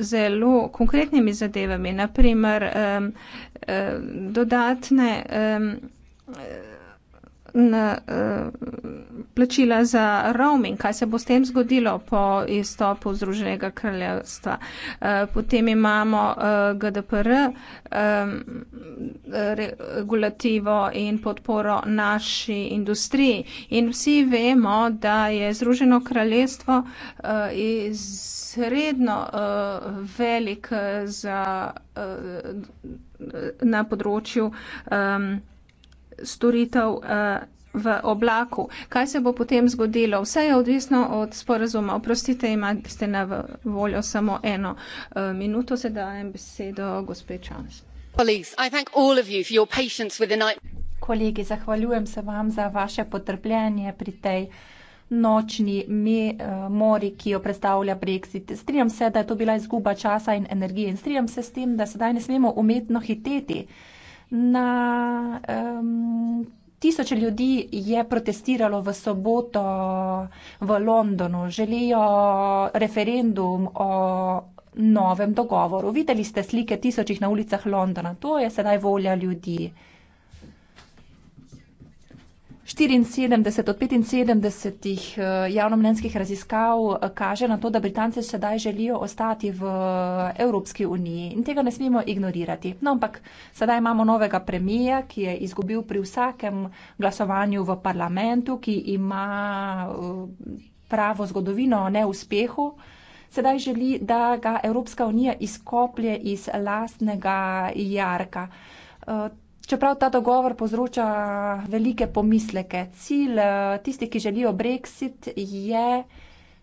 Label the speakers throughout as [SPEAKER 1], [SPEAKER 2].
[SPEAKER 1] zelo konkretnimi zadevami, naprimer um, um, dodatne. Um, Eh, plačila za roaming, kaj se bo s tem zgodilo po izstopu Združenega kraljestva. Eh, potem imamo eh, GDPR, regulativo in podporo naši industriji. In vsi vemo, da je Združeno kraljestvo izredno velik za, na področju storitev eh, v oblaku. Kaj se bo potem zgodilo? Vse je odvisno od sporazuma. Oprostite, imate na voljo samo eno eh, minuto, se dajem besedo gospe Čans.
[SPEAKER 2] Kolegi, zahvaljujem se vam za vaše potrpljenje pri tej nočni mi, eh, mori, ki jo predstavlja Brexit. Strijam se, da je to bila izguba časa in energije in strijam se s tem, da sedaj ne smemo umetno hiteti. Na um, tisoče ljudi je protestiralo v soboto v Londonu, želijo referendum o novem dogovoru. Videli ste slike tisočih na ulicah Londona, to je sedaj volja ljudi. 74 od 75 eh, javnomnenjskih raziskav eh, kaže na to, da Britance sedaj želijo ostati v eh, Evropski uniji in tega ne smemo ignorirati. No, ampak sedaj imamo novega premija, ki je izgubil pri vsakem glasovanju v parlamentu, ki ima pravo zgodovino o neuspehu. Sedaj želi, da ga Evropska unija izkoplje iz lastnega jarka. Čeprav ta dogovor povzroča velike pomisleke, cilj eh, tistih, ki želijo brexit, je,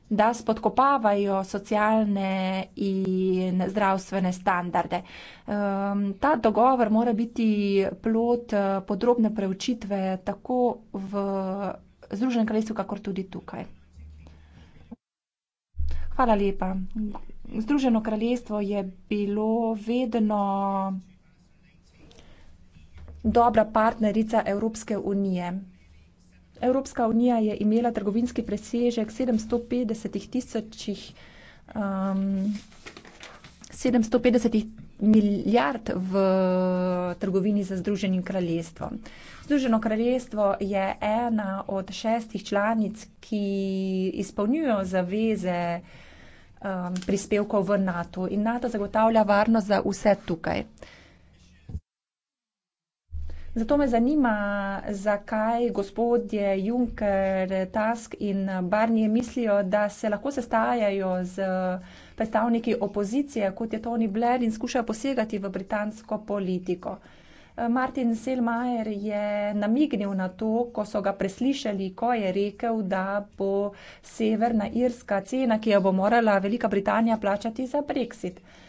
[SPEAKER 2] da spodkopavajo socialne in zdravstvene standarde. Ehm, ta dogovor mora biti plot eh, podrobne preučitve tako v Združenem kraljestvu, kakor tudi tukaj. Hvala lepa. Združeno kraljestvo je bilo vedno dobra partnerica Evropske unije. Evropska unija je imela trgovinski presežek 750 tisočih um, 750 milijard v trgovini za Združenim kraljestvom. Združeno kraljestvo je ena od šestih članic, ki izpolnjujo zaveze um, prispevkov v NATO in NATO zagotavlja varnost za vse tukaj. Zato me zanima, zakaj gospodje Juncker, Task in Barnier mislijo, da se lahko sestajajo z predstavniki opozicije, kot je Tony Blair, in skušajo posegati v britansko politiko. Martin Selmajer je namignil na to, ko so ga preslišali, ko je rekel, da bo severna irska cena, ki jo bo morala Velika Britanija plačati za brexit. Uh,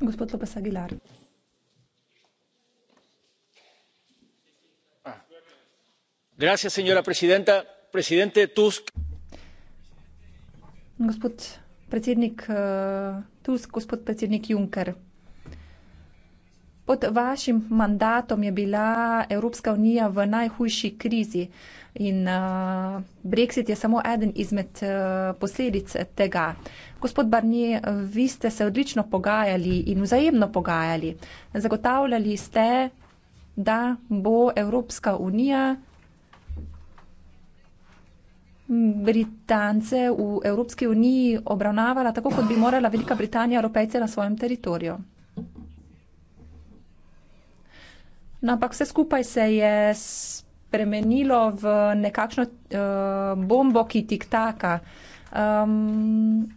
[SPEAKER 2] Gospod Lopes Aguilar.
[SPEAKER 1] Ah.
[SPEAKER 3] Gracias, señora presidenta. Presidente Tusk.
[SPEAKER 2] Gospod predsednik, eh, Tusk, gospod predsednik Juncker. Pod vašim mandatom je bila Evropska unija v najhujši krizi in uh, Brexit je samo eden izmed uh, posledic tega. Gospod Barni, vi ste se odlično pogajali in vzajemno pogajali. Zagotavljali ste, da bo Evropska unija Britance v Evropski uniji obravnavala tako, kot bi morala Velika Britanija, Evropejce na svojem teritoriju. No, ampak vse skupaj se je spremenilo v nekakšno uh, bombo, ki tik taka. Um,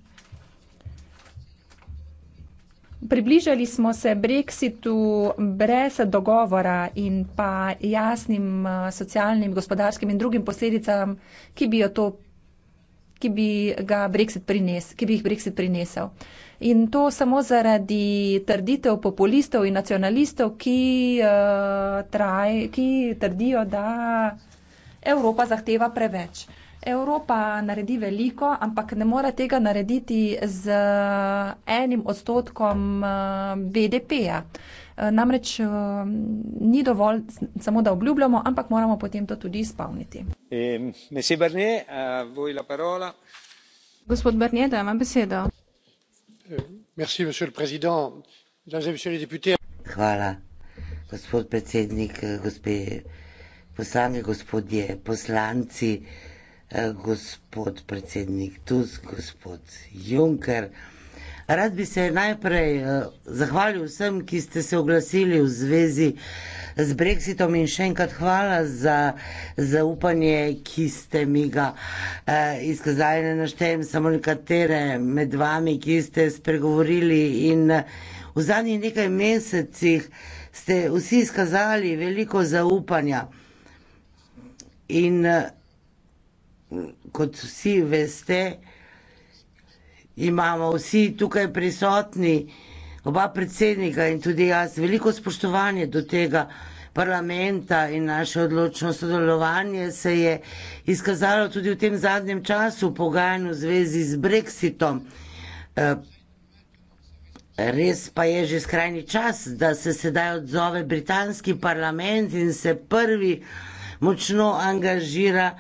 [SPEAKER 2] Približali smo se Brexitu brez dogovora in pa jasnim eh, socialnim, gospodarskim in drugim posledicam, ki bi jo to ki bi, prines, ki bi jih Brexit prinesel. In to samo zaradi trditev populistov in nacionalistov, ki, uh, eh, traj, ki trdijo, da Evropa zahteva preveč. Evropa naredi veliko, ampak ne more tega narediti z enim odstotkom eh, BDP-ja. Uh, Eh, namreč eh, ni dovolj samo, da obljubljamo, ampak moramo potem to tudi izpolniti.
[SPEAKER 3] Ehm,
[SPEAKER 1] gospod Barnier, dajem vam besedo.
[SPEAKER 3] Eh,
[SPEAKER 4] Hvala, gospod predsednik, gospe poslanke, gospodje poslanci, gospod predsednik Tusk, gospod Juncker. Rad bi se najprej eh, zahvalil vsem, ki ste se oglasili v zvezi z Brexitom in še enkrat hvala za zaupanje, ki ste mi ga eh, izkazali. Ne naštejem samo nekatere med vami, ki ste spregovorili in eh, v zadnjih nekaj mesecih ste vsi izkazali veliko zaupanja. In eh, kot vsi veste, imamo vsi tukaj prisotni, oba predsednika in tudi jaz, veliko spoštovanje do tega parlamenta in naše odločno sodelovanje se je izkazalo tudi v tem zadnjem času pogajanju v zvezi z brexitom. Eh, res pa je že skrajni čas, da se sedaj odzove britanski parlament in se prvi močno angažira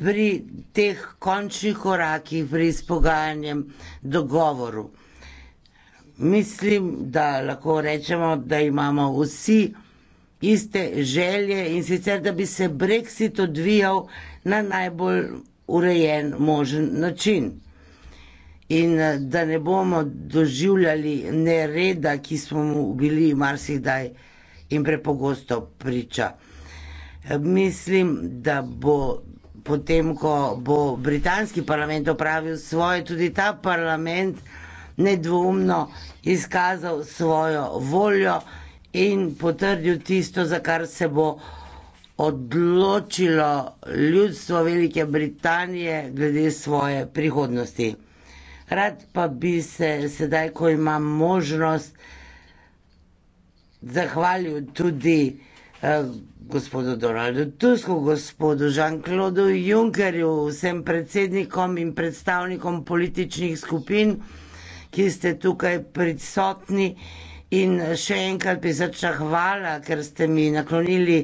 [SPEAKER 4] pri teh končnih korakih, pri izpogajanjem dogovoru. Mislim, da lahko rečemo, da imamo vsi iste želje in sicer, da bi se Brexit odvijal na najbolj urejen možen način. In da ne bomo doživljali nereda, ki smo mu bili marsikdaj in prepogosto priča. Mislim, da bo potem, ko bo britanski parlament opravil svoje, tudi ta parlament nedvomno izkazal svojo voljo in potrdil tisto, za kar se bo odločilo ljudstvo Velike Britanije glede svoje prihodnosti. Rad pa bi se sedaj, ko imam možnost, zahvalil tudi eh, gospodu Donaldu Tusku, gospodu Žan-Klodu Junkerju, vsem predsednikom in predstavnikom političnih skupin, ki ste tukaj prisotni in še enkrat pisača hvala, ker ste mi naklonili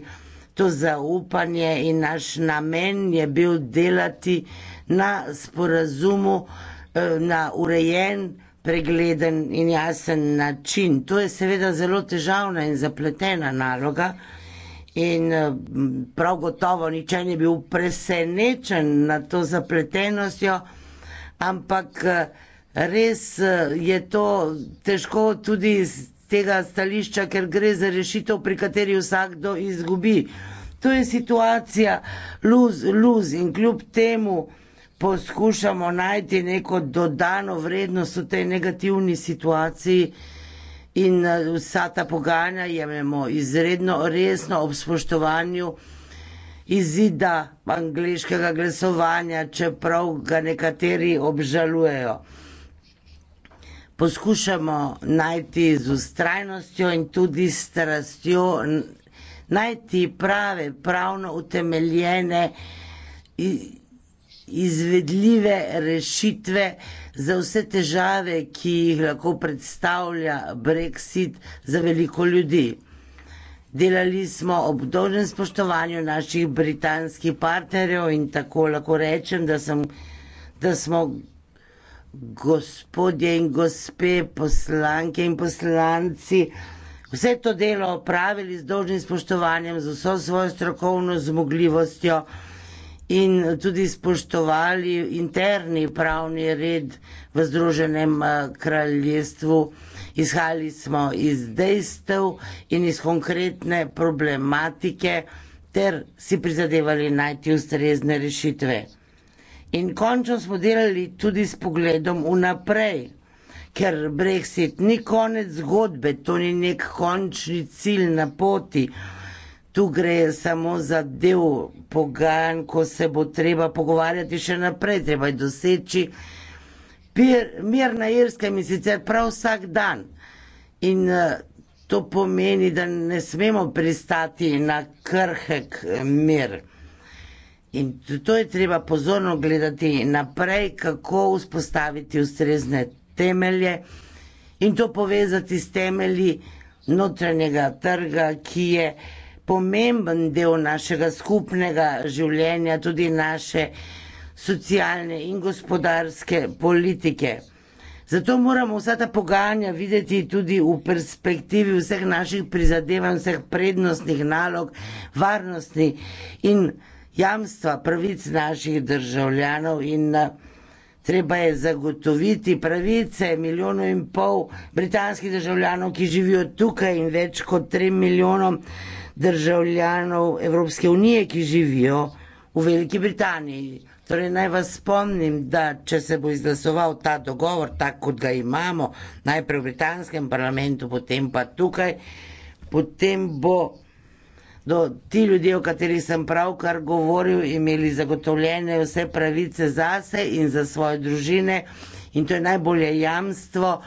[SPEAKER 4] to zaupanje in naš namen je bil delati na sporazumu eh, na urejen, pregleden in jasen način. To je seveda zelo težavna in zapletena naloga in eh, prav gotovo niče ni bil presenečen nad to zapletenostjo, ampak eh, res eh, je to težko tudi iz tega stališča, ker gre za rešitev, pri kateri vsakdo izgubi. To je situacija luz, luz in kljub temu poskušamo najti neko dodano vrednost v tej negativni situaciji in eh, vsa ta pogajanja jemljemo izredno resno ob spoštovanju izida angliškega glasovanja, čeprav ga nekateri obžalujejo. Poskušamo najti z ustrajnostjo in tudi strastjo najti prave, pravno utemeljene izvedljive rešitve za vse težave, ki jih lahko predstavlja brexit za veliko ljudi. Delali smo ob dolžnem spoštovanju naših britanskih partnerjev in tako lahko rečem, da, sem, da smo gospodje in gospe, poslanke in poslanci, vse to delo opravili z dolžnim spoštovanjem, z vso svojo strokovno zmogljivostjo in tudi spoštovali interni pravni red v Združenem eh, kraljestvu. Izhajali smo iz dejstev in iz konkretne problematike ter si prizadevali najti ustrezne rešitve. In končno smo delali tudi s pogledom vnaprej, ker Brexit ni konec zgodbe, to ni nek končni cilj na poti. Tu gre samo za del pogajanj, ko se bo treba pogovarjati še naprej, treba je doseči pir, mir na Irskem in sicer prav vsak dan. In eh, to pomeni, da ne smemo pristati na krhek eh, mir. In to je treba pozorno gledati naprej, kako vzpostaviti ustrezne temelje in to povezati s temelji notranjega trga, ki je pomemben del našega skupnega življenja, tudi naše socialne in gospodarske politike. Zato moramo vsa ta pogajanja videti tudi v perspektivi vseh naših prizadevanj, vseh prednostnih nalog, varnosti in jamstva pravic naših državljanov in eh, treba je zagotoviti pravice milijonov in pol britanskih državljanov, ki živijo tukaj in več kot trem milijonom državljanov Evropske unije, ki živijo v Veliki Britaniji. Torej, naj vas spomnim, da če se bo izglasoval ta dogovor, tako kot ga imamo, najprej v britanskem parlamentu, potem pa tukaj, potem bo do ti ljudje, o katerih sem pravkar govoril, imeli zagotovljene vse pravice zase in za svoje družine. In to je najbolje jamstvo,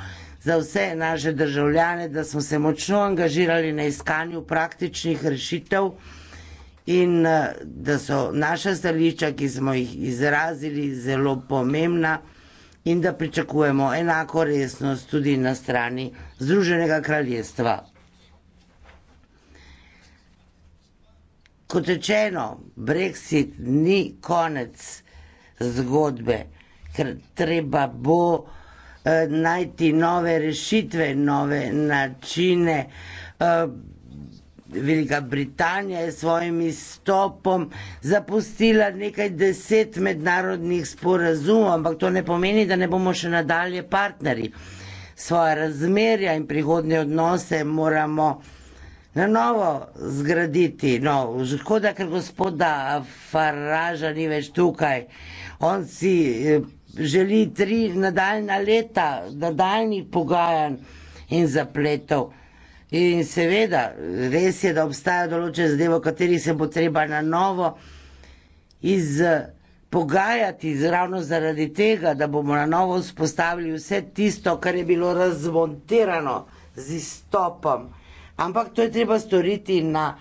[SPEAKER 4] za vse naše državljane, da smo se močno angažirali na iskanju praktičnih rešitev in eh, da so naša stališča, ki smo jih izrazili, zelo pomembna in da pričakujemo enako resnost tudi na strani Združenega kraljestva. Kot rečeno, Brexit ni konec zgodbe, ker treba bo Eh, najti nove rešitve, nove načine. Eh, Velika Britanija je svojim izstopom zapustila nekaj deset mednarodnih sporazumov, ampak to ne pomeni, da ne bomo še nadalje partnerji. Svoje razmerja in prihodne odnose moramo na novo zgraditi. No, škoda, ker gospoda Faraža ni več tukaj. On si eh, želi tri nadaljna leta, nadaljnih pogajanj in zapletov. In seveda, res je, da obstaja določen zadevo, v kateri se bo treba na novo iz pogajati ravno zaradi tega, da bomo na novo vzpostavili vse tisto, kar je bilo razmontirano z izstopom. Ampak to je treba storiti na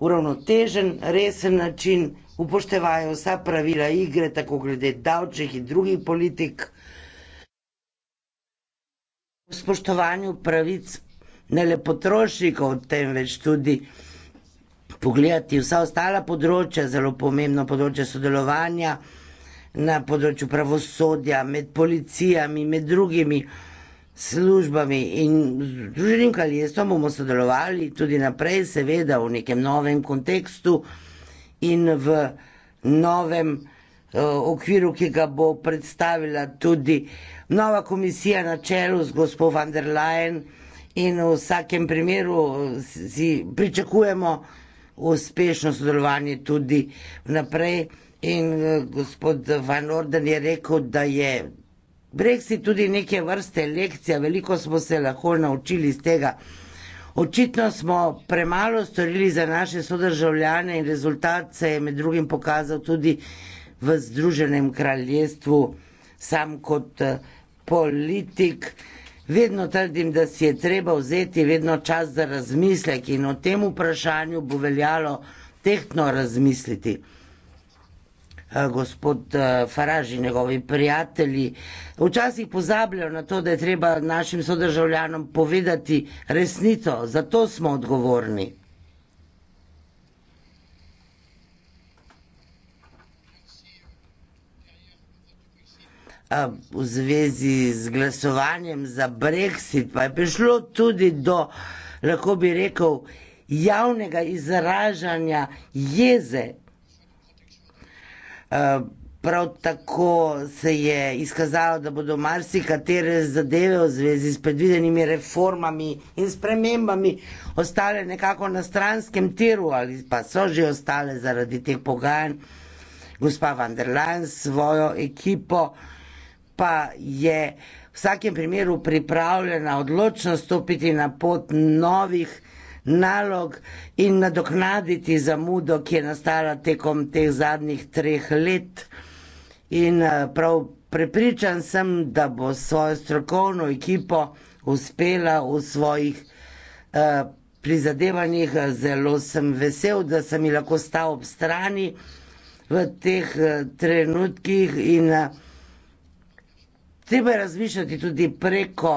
[SPEAKER 4] uravnotežen, resen način, upoštevajo vsa pravila igre, tako glede davčnih in drugih politik, v spoštovanju pravic ne le potrošnikov, temveč tudi pogledati vsa ostala področja, zelo pomembno področje sodelovanja na področju pravosodja, med policijami, med drugimi službami in z Združenim kraljestvom bomo sodelovali tudi naprej, seveda v nekem novem kontekstu in v novem eh, okviru, ki ga bo predstavila tudi nova komisija na čelu z gospod van der Leyen in v vsakem primeru eh, si pričakujemo uspešno sodelovanje tudi naprej. In eh, gospod Van Orden je rekel, da je Brexit tudi neke vrste lekcija, veliko smo se lahko naučili iz tega. Očitno smo premalo storili za naše sodržavljane in rezultat se je med drugim pokazal tudi v Združenem kraljestvu, sam kot eh, politik. Vedno trdim, da si je treba vzeti vedno čas za razmislek in o tem vprašanju bo veljalo tehtno razmisliti. Eh, gospod eh, Faraž in njegovi prijatelji. Včasih pozabljajo na to, da je treba našim sodržavljanom povedati resnico, zato smo odgovorni. Eh, v zvezi z glasovanjem za Brexit pa je prišlo tudi do, lahko bi rekel, javnega izražanja jeze Eh, prav tako se je izkazalo, da bodo marsikatere zadeve v zvezi s predvidenimi reformami in spremembami ostale nekako na stranskem tiru ali pa so že ostale zaradi teh pogajanj. Gospa van der Leyen s svojo ekipo pa je v vsakem primeru pripravljena odločno stopiti na pot novih nalog in nadoknaditi zamudo, ki je nastala tekom teh zadnjih treh let. In eh, prav prepričan sem, da bo svojo strokovno ekipo uspela v svojih eh, prizadevanjih. Zelo sem vesel, da sem ji lahko stal ob strani v teh eh, trenutkih in treba je razmišljati tudi preko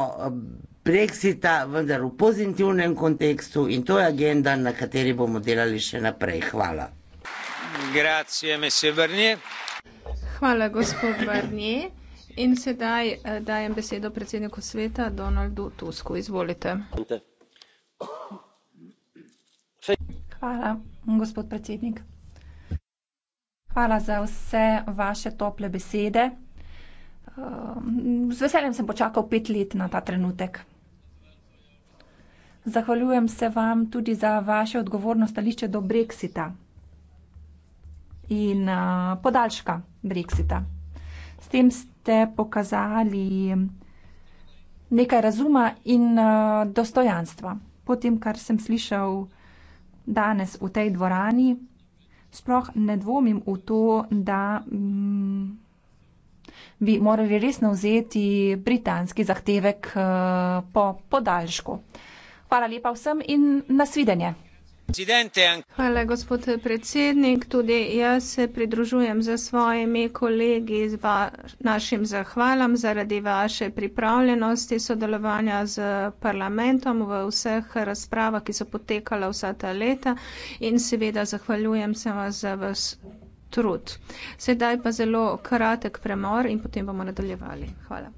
[SPEAKER 4] Brexita, vendar v pozitivnem kontekstu in to je agenda, na kateri bomo delali še naprej. Hvala.
[SPEAKER 3] Grazie, mese
[SPEAKER 4] Vrnje.
[SPEAKER 1] Hvala, gospod Vrnje. In sedaj eh, dajem besedo predsedniku sveta Donaldu Tusku. Izvolite. Hvala, gospod predsednik. Hvala
[SPEAKER 2] za vse vaše tople besede. Ehm, z veseljem sem počakal pet let na ta trenutek. Zahvaljujem se vam tudi za vaše odgovorno stališče do Brexita in uh, podaljška Brexita. S tem ste pokazali nekaj razuma in uh, dostojanstva. Po tem, kar sem slišal danes v tej dvorani, sploh ne dvomim v to, da mm, bi morali resno vzeti britanski zahtevek uh, po podaljšku. Uh, Hvala lepa vsem in nasvidenje.
[SPEAKER 1] Hvala, gospod predsednik. Tudi jaz se pridružujem za svojimi kolegi z va našim zahvalam zaradi vaše pripravljenosti sodelovanja z parlamentom v vseh razpravah, ki so potekala vsa ta leta in seveda zahvaljujem se vam za vas trud. Sedaj pa zelo kratek premor in potem bomo nadaljevali. Hvala.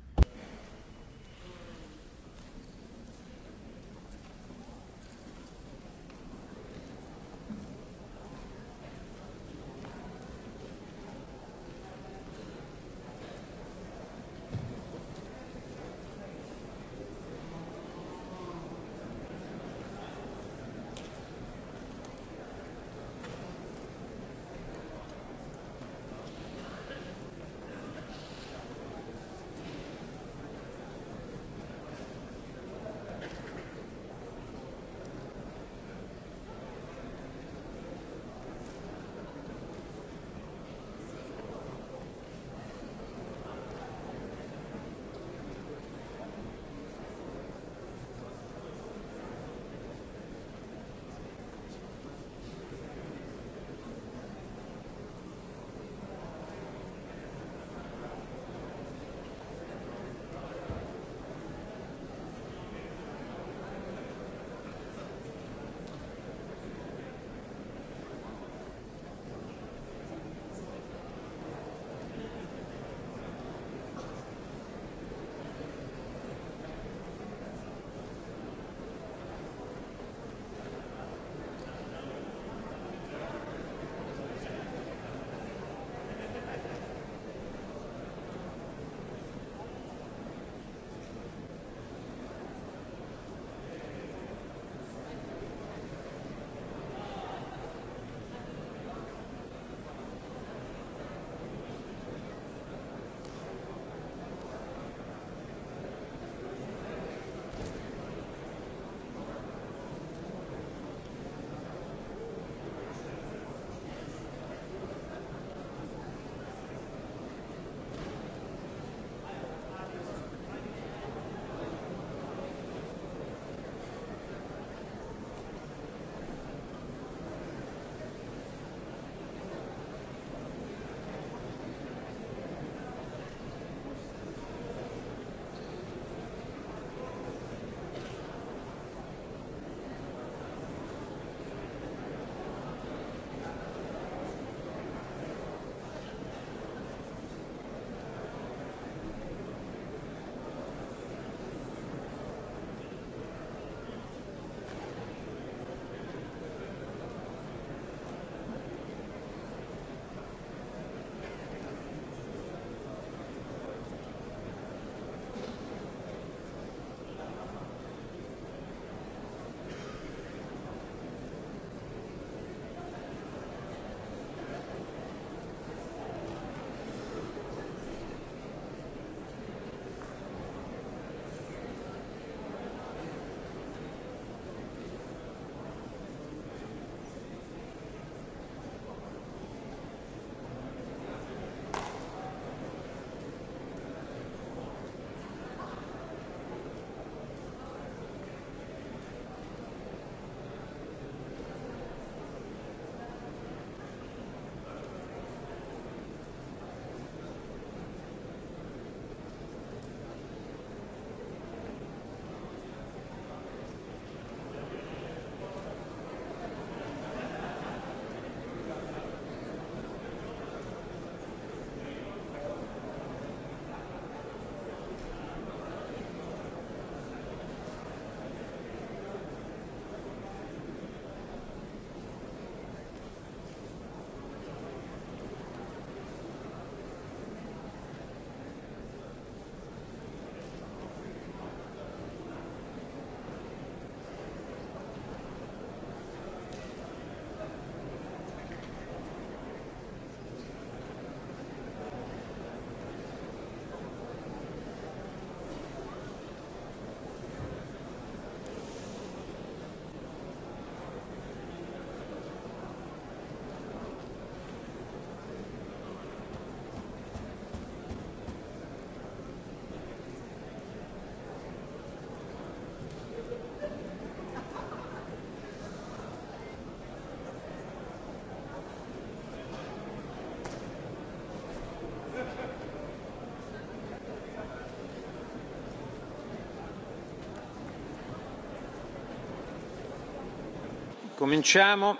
[SPEAKER 3] cominciamo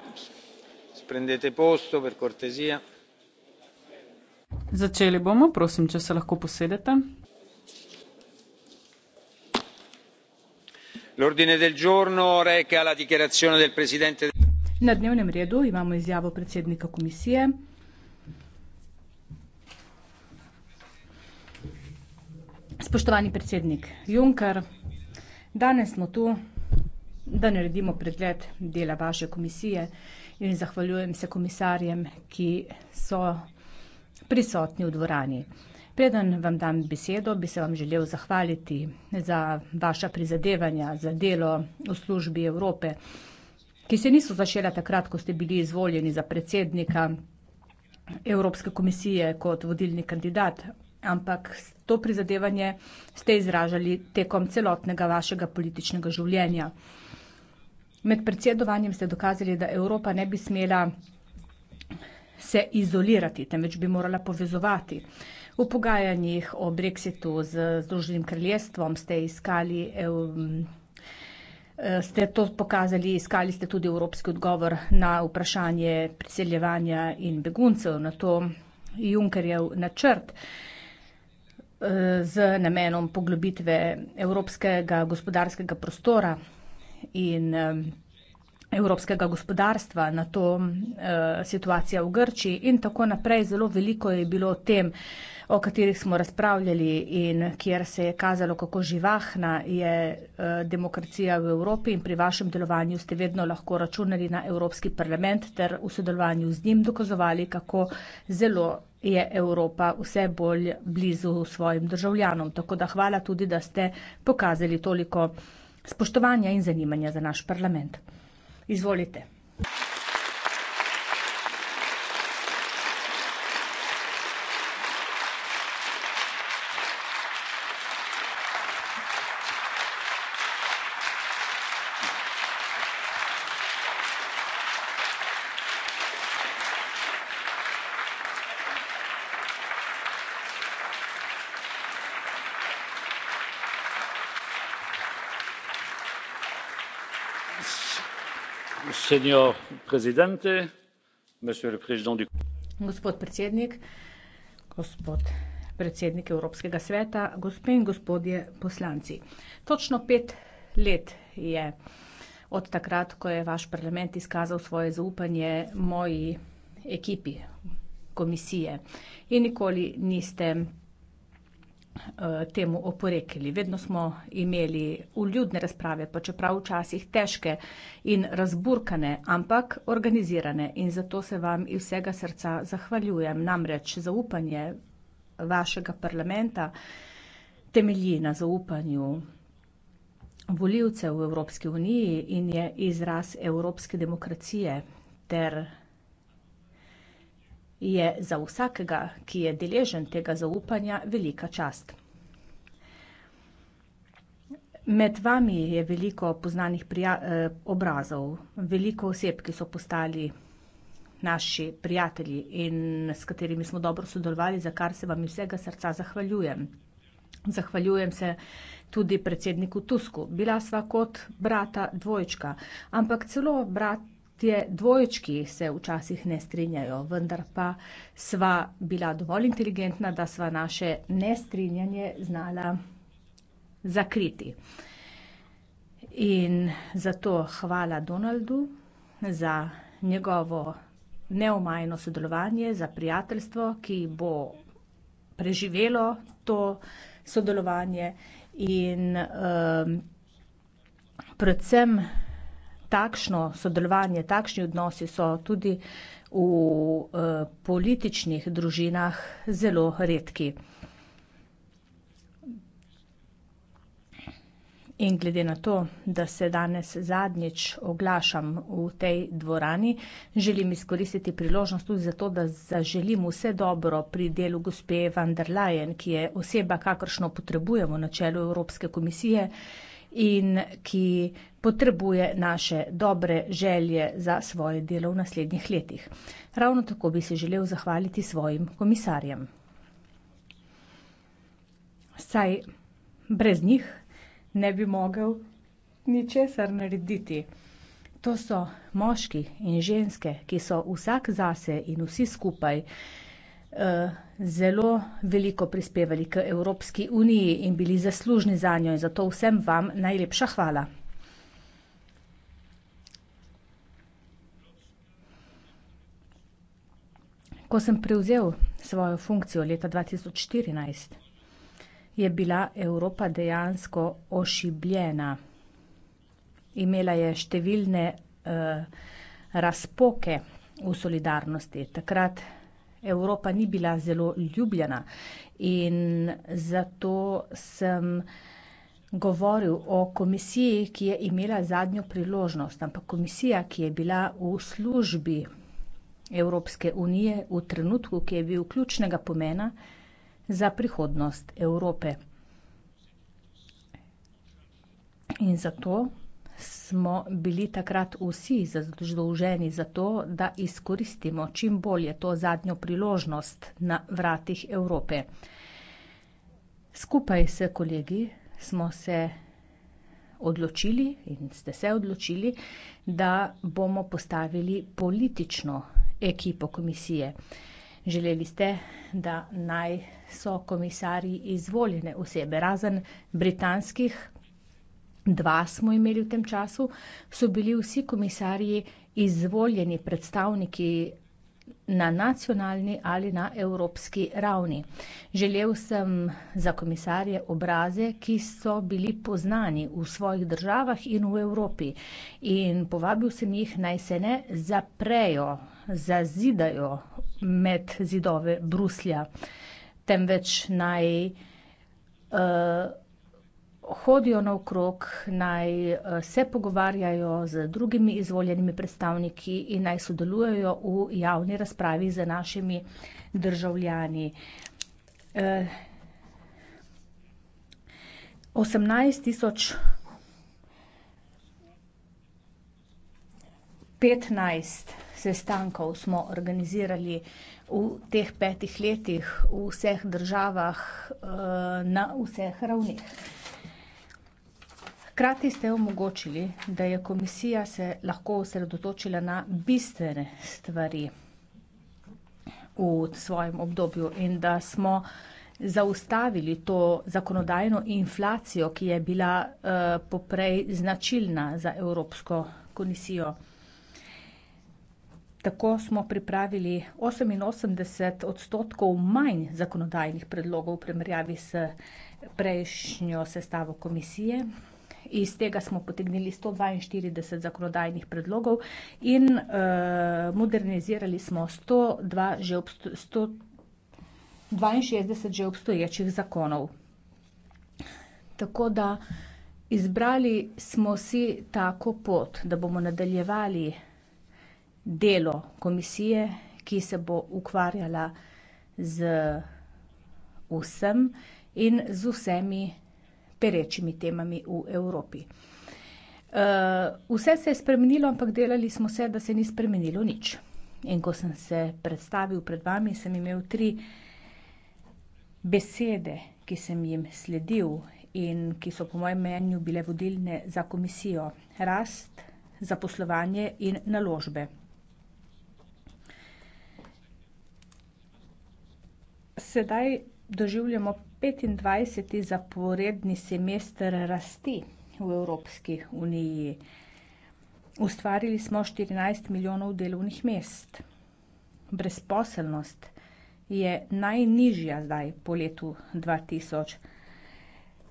[SPEAKER 3] prendete posto per cortesia
[SPEAKER 5] začeli bomo prosim če se lahko posedete
[SPEAKER 3] l'ordine del giorno reca la dichiarazione del presidente
[SPEAKER 6] na dnevnem redu imamo izjavo predsednika komisije spoštovani predsednik juncker danes smo tu da naredimo pregled dela vaše komisije in zahvaljujem se komisarjem, ki so prisotni v dvorani. Preden vam dam besedo, bi se vam želel zahvaliti za vaša prizadevanja za delo v službi Evrope, ki se niso začela takrat, ko ste bili izvoljeni za predsednika Evropske komisije kot vodilni kandidat, ampak to prizadevanje ste izražali tekom celotnega vašega političnega življenja. Med predsedovanjem ste dokazali, da Evropa ne bi smela se izolirati, temveč bi morala povezovati. V pogajanjih o Brexitu z Združenim kraljestvom ste iskali, eh, ste to pokazali, iskali ste tudi evropski odgovor na vprašanje priseljevanja in beguncev, na to Junkerjev načrt eh, z namenom poglobitve evropskega gospodarskega prostora in um, evropskega gospodarstva, na to uh, situacija v Grčiji in tako naprej. Zelo veliko je bilo o tem, o katerih smo razpravljali in kjer se je kazalo, kako živahna je uh, demokracija v Evropi in pri vašem delovanju ste vedno lahko računali na Evropski parlament ter v sodelovanju z njim dokazovali, kako zelo je Evropa vse bolj blizu svojim državljanom. Tako da hvala tudi, da ste pokazali toliko spoštovanja in zanimanja za naš parlament. Izvolite. gospod predsednik, gospod predsednik Evropskega sveta, gospe in gospodje poslanci. Točno pet let je od takrat, ko je vaš parlament izkazal svoje zaupanje moji ekipi komisije in nikoli niste Eh, temu oporekili. Vedno smo imeli uljudne razprave, pa čeprav včasih težke in razburkane, ampak organizirane in zato se vam iz vsega srca zahvaljujem. Namreč zaupanje vašega parlamenta temelji na zaupanju voljivcev v Evropski uniji in je izraz evropske demokracije ter je za vsakega, ki je deležen tega zaupanja, velika čast. Med vami je veliko poznanih prija eh, obrazov, veliko oseb, ki so postali naši prijatelji in s katerimi smo dobro sodelovali, za kar se vam iz vsega srca zahvaljujem. Zahvaljujem se tudi predsedniku Tusku. Bila sva kot brata dvojčka, ampak celo brat, Te dvoječki se včasih ne strinjajo, vendar pa sva bila dovolj inteligentna, da sva naše nestrinjanje znala zakriti. In zato hvala Donaldu za njegovo neomajno sodelovanje, za prijateljstvo, ki bo preživelo to sodelovanje in um, predvsem takšno sodelovanje, takšni odnosi so tudi v uh, političnih družinah zelo redki. In glede na to, da se danes zadnjič oglašam v tej dvorani, želim izkoristiti priložnost tudi zato, da zaželim vse dobro pri delu gospe van der Leyen, ki je oseba, kakršno potrebujemo na čelu Evropske komisije in ki potrebuje naše dobre želje za svoje delo v naslednjih letih. Ravno tako bi se želel zahvaliti svojim komisarjem. Saj brez njih ne bi mogel ničesar narediti. To so moški in ženske, ki so vsak zase in vsi skupaj Eh, zelo veliko prispevali k Evropski uniji in bili zaslužni za njo in zato vsem vam najlepša hvala. Ko sem prevzel svojo funkcijo leta dva tisoč štirinajst, je bila Evropa dejansko ošibljena. Imela je številne eh, razpoke v solidarnosti. Takrat Evropa ni bila zelo ljubljena in zato sem govoril o komisiji, ki je imela zadnjo priložnost, ampak komisija, ki je bila v službi Evropske unije v trenutku, ki je bil ključnega pomena za prihodnost Evrope. In zato smo bili takrat vsi zadolženi za to, da izkoristimo čim bolje to zadnjo priložnost na vratih Evrope. Skupaj s kolegi smo se odločili in ste se odločili, da bomo postavili politično ekipo komisije. Želeli ste, da naj so komisarji izvoljene osebe, razen britanskih dva smo imeli v tem času, so bili vsi komisarji izvoljeni predstavniki na nacionalni ali na evropski ravni. Želel sem za komisarje obraze, ki so bili poznani v svojih državah in v Evropi. In povabil sem jih naj se ne zaprejo, zazidajo med zidove Bruslja, temveč naj uh, hodijo naokrog, naj eh, se pogovarjajo z drugimi izvoljenimi predstavniki in naj sodelujejo v javni razpravi z našimi državljani. 18 eh, tisoč 15 sestankov smo organizirali v teh petih letih v vseh državah, eh, na vseh ravneh. Hkrati ste omogočili, da je komisija se lahko osredotočila na bistvene stvari v svojem obdobju in da smo zaustavili to zakonodajno inflacijo, ki je bila uh, poprej značilna za Evropsko komisijo. Tako smo pripravili 88 odstotkov manj zakonodajnih predlogov v primerjavi s prejšnjo sestavo komisije iz tega smo potegnili 142 zakonodajnih predlogov in uh, modernizirali smo 102 že obsto 162 že obstoječih zakonov. Tako da izbrali smo si tako pot, da bomo nadaljevali delo komisije, ki se bo ukvarjala z vsem in z vsemi perečimi temami v Evropi. Eh, vse se je spremenilo, ampak delali smo vse, da se ni spremenilo nič. In ko sem se predstavil pred vami, sem imel tri besede, ki sem jim sledil in ki so po mojem mnenju bile vodilne za komisijo. Rast, zaposlovanje in naložbe. Sedaj doživljamo 25. zaporedni semester rasti v Evropski uniji. Ustvarili smo 14 milijonov delovnih mest. Brezposelnost je najnižja zdaj po letu 2000.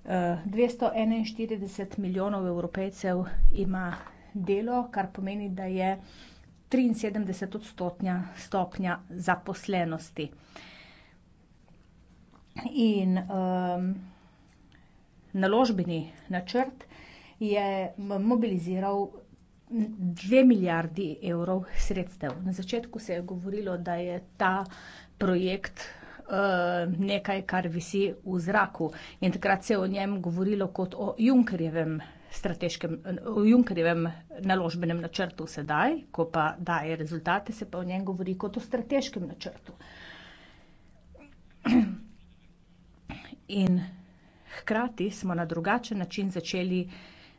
[SPEAKER 6] 241 eh, milijonov evropejcev ima delo, kar pomeni, da je 73 odstotnja stopnja zaposlenosti. In um, naložbeni načrt je mobiliziral dve milijardi evrov sredstev. Na začetku se je govorilo, da je ta projekt um, nekaj, kar visi v zraku. In takrat se je o njem govorilo kot o Junkerjevem strateškem, o Junkerjevem naložbenem načrtu sedaj, ko pa daje rezultate, se pa o njem govori kot o strateškem načrtu in hkrati smo na drugačen način začeli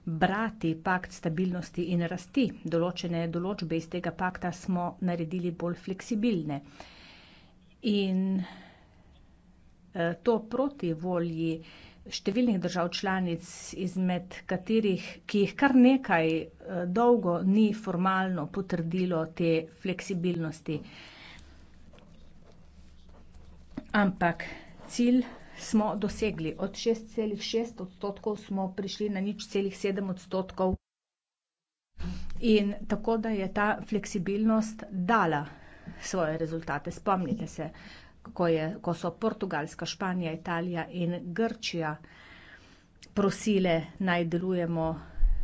[SPEAKER 6] brati pakt stabilnosti in rasti. Določene določbe iz tega pakta smo naredili bolj fleksibilne. In eh, to proti volji številnih držav članic, izmed katerih, ki jih kar nekaj eh, dolgo ni formalno potrdilo te fleksibilnosti. Ampak cilj smo dosegli. Od 6,6 odstotkov smo prišli na nič celih 7 odstotkov. In tako da je ta fleksibilnost dala svoje rezultate. Spomnite se, ko, je, ko so Portugalska, Španija, Italija in Grčija prosile naj delujemo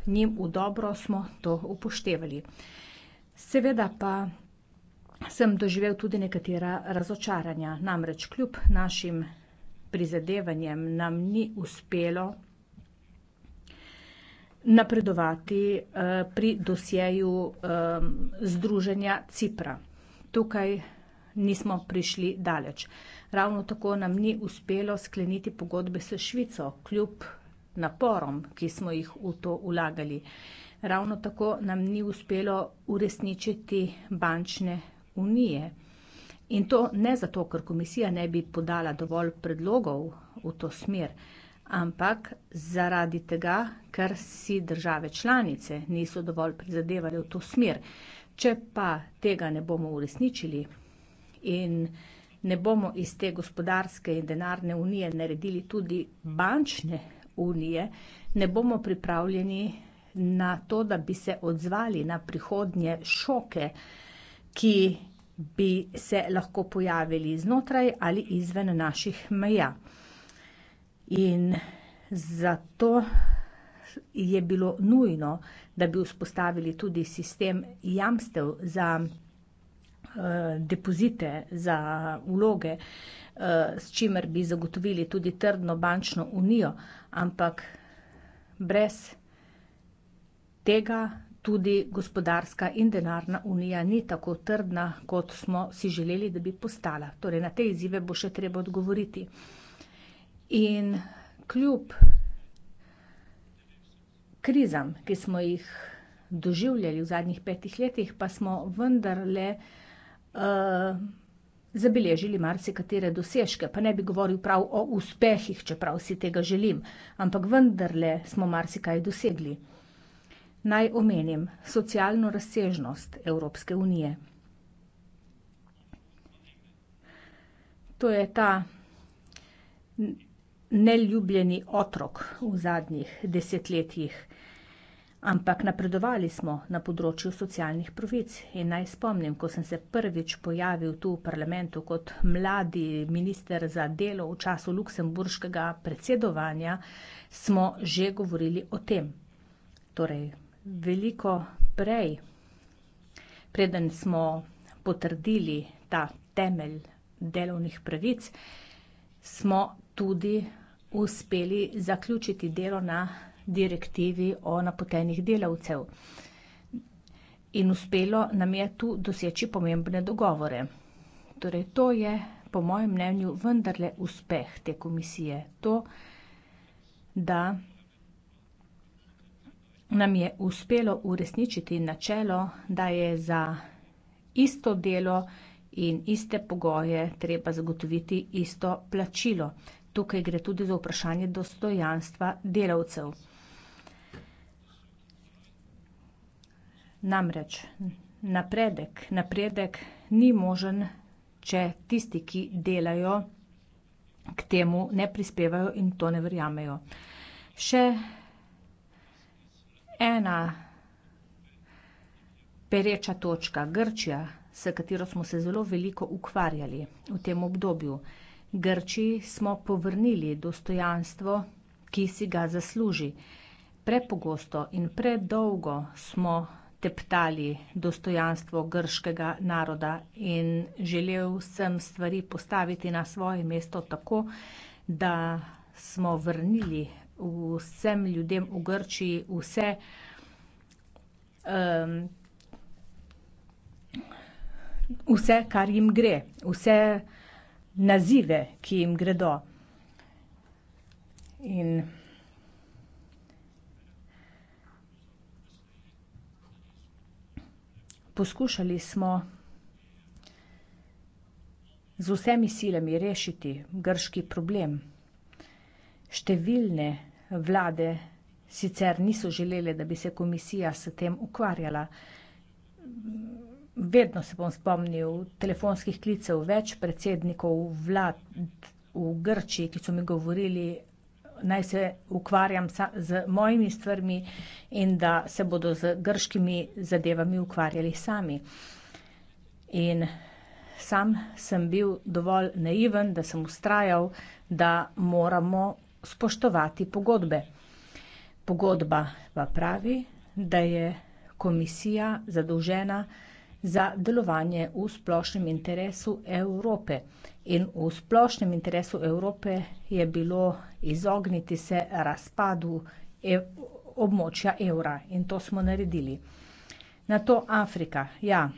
[SPEAKER 6] njim v dobro, smo to upoštevali. Seveda pa sem doživel tudi nekatera razočaranja, namreč kljub našim prizadevanjem nam ni uspelo napredovati eh, pri dosjeju eh, združenja Cipra. Tukaj nismo prišli daleč. Ravno tako nam ni uspelo skleniti pogodbe s Švico, kljub naporom, ki smo jih v to ulagali. Ravno tako nam ni uspelo uresničiti bančne unije. In to ne zato, ker komisija ne bi podala dovolj predlogov v to smer, ampak zaradi tega, ker si države članice niso dovolj prizadevali v to smer. Če pa tega ne bomo uresničili in ne bomo iz te gospodarske in denarne unije naredili tudi bančne unije, ne bomo pripravljeni na to, da bi se odzvali na prihodnje šoke, ki bi se lahko pojavili znotraj ali izven naših meja. In zato je bilo nujno, da bi vzpostavili tudi sistem jamstev za eh, depozite za vloge, eh, s čimer bi zagotovili tudi trdno bančno unijo, ampak brez tega tudi gospodarska in denarna unija ni tako trdna, kot smo si želeli, da bi postala. Torej, na te izzive bo še treba odgovoriti. In kljub krizam, ki smo jih doživljali v zadnjih petih letih, pa smo vendarle uh, zabeležili marsikatere dosežke. Pa ne bi govoril prav o uspehih, čeprav si tega želim, ampak vendarle smo marsikaj dosegli. Naj omenim socialno razsežnost Evropske unije. To je ta neljubljeni otrok v zadnjih desetletjih. Ampak napredovali smo na področju socialnih pravic in naj spomnim, ko sem se prvič pojavil tu v parlamentu kot mladi minister za delo v času luksemburškega predsedovanja, smo že govorili o tem. Torej, veliko prej, preden smo potrdili ta temelj delovnih pravic, smo tudi uspeli zaključiti delo na direktivi o napotenih delavcev. In uspelo nam je tu doseči pomembne dogovore. Torej to je po mojem mnenju vendarle uspeh te komisije, to, da nam je uspelo uresničiti načelo, da je za isto delo in iste pogoje treba zagotoviti isto plačilo. Tukaj gre tudi za vprašanje dostojanstva delavcev. Namreč napredek, napredek ni možen, če tisti, ki delajo, k temu ne prispevajo in to ne verjamejo. Še ena pereča točka, Grčija, s katero smo se zelo veliko ukvarjali v tem obdobju. Grčiji smo povrnili dostojanstvo, ki si ga zasluži. Prepogosto in predolgo smo teptali dostojanstvo grškega naroda in želel sem stvari postaviti na svoje mesto tako, da smo vrnili vsem ljudem v Grčiji vse um, vse, kar jim gre, vse nazive, ki jim gredo. In poskušali smo z vsemi silami rešiti grški problem. Številne vlade sicer niso želele, da bi se komisija s tem ukvarjala. Vedno se bom spomnil telefonskih klicev več predsednikov vlad v Grči, ki so mi govorili, naj se ukvarjam z mojimi stvarmi in da se bodo z grškimi zadevami ukvarjali sami. In sam sem bil dovolj naiven, da sem ustrajal, da moramo spoštovati pogodbe. Pogodba pa pravi, da je komisija zadolžena za delovanje v splošnem interesu Evrope. In v splošnem interesu Evrope je bilo izogniti se razpadu območja evra in to smo naredili. Nato Afrika, ja.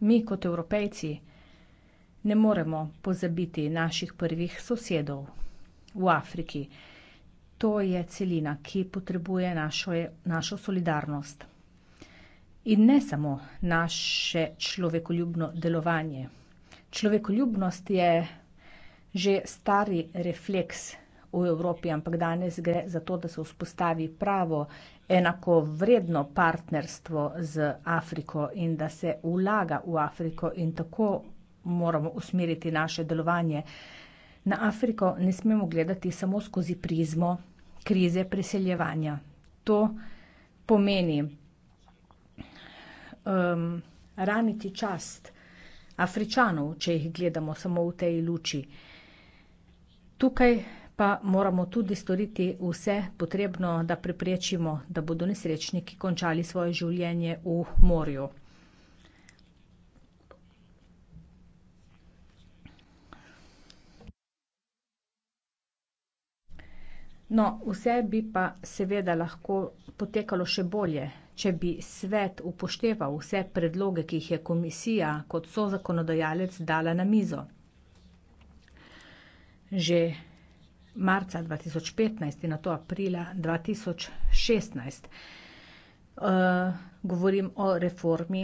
[SPEAKER 6] Mi kot Evropejci ne moremo pozabiti naših prvih sosedov v Afriki. To je celina, ki potrebuje našo, našo solidarnost. In ne samo naše človekoljubno delovanje. Človekoljubnost je že stari refleks v Evropi, ampak danes gre za to, da se vzpostavi pravo enakovredno partnerstvo z Afriko in da se vlaga v Afriko in tako moramo usmeriti naše delovanje. Na Afriko ne smemo gledati samo skozi prizmo krize priseljevanja. To pomeni um, raniti čast Afričanov, če jih gledamo samo v tej luči. Tukaj pa moramo tudi storiti vse potrebno, da preprečimo, da bodo nesrečniki končali svoje življenje v morju. No, vse bi pa seveda lahko potekalo še bolje, če bi svet upošteval vse predloge, ki jih je komisija kot sozakonodajalec dala na mizo. Že marca 2015 in na to aprila 2016 uh, eh, govorim o reformi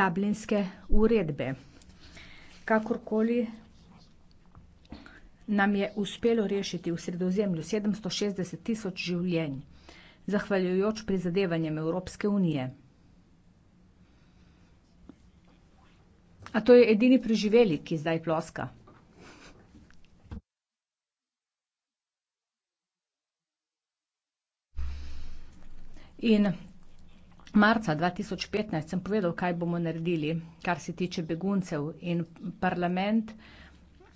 [SPEAKER 6] dublinske uredbe. Kakorkoli nam je uspelo rešiti v sredozemlju 760 tisoč življenj, zahvaljujoč prizadevanjem Evropske unije. A to je edini preživeli, ki zdaj ploska. In marca 2015 sem povedal, kaj bomo naredili, kar se tiče beguncev in parlament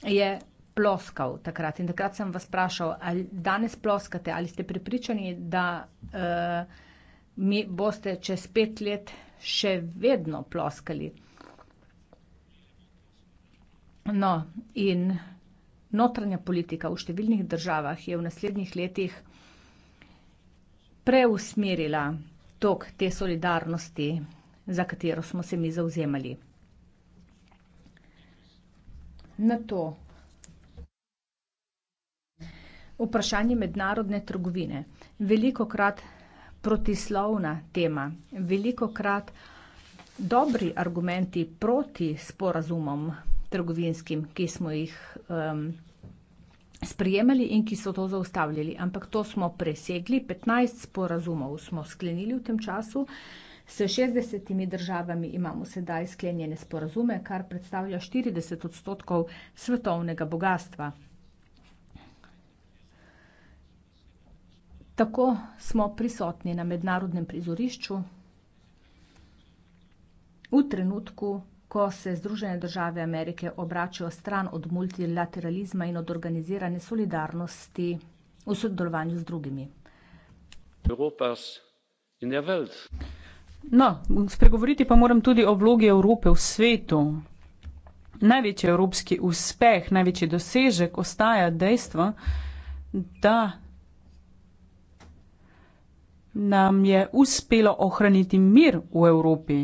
[SPEAKER 6] je ploskal takrat. In takrat sem vas vprašal, ali danes ploskate, ali ste pripričani, da uh, mi boste čez pet let še vedno ploskali. No, in notranja politika v številnih državah je v naslednjih letih preusmerila tok te solidarnosti, za katero smo se mi zauzemali. Na to vprašanje mednarodne trgovine. Veliko krat protislovna tema, veliko krat dobri argumenti proti sporazumom trgovinskim, ki smo jih um, sprijemali in ki so to zaustavljali. Ampak to smo presegli, 15 sporazumov smo sklenili v tem času. S 60 državami imamo sedaj sklenjene sporazume, kar predstavlja 40 odstotkov svetovnega bogatstva. Tako smo prisotni na mednarodnem prizorišču, v trenutku, ko se Združene države Amerike obračajo stran od multilateralizma in od organizirane solidarnosti
[SPEAKER 5] v sodelovanju z drugimi. No, spregovoriti pa moram tudi o vlogi Evrope v svetu. Največji evropski uspeh, največji dosežek ostaja dejstvo, da nam je uspelo ohraniti mir v Evropi.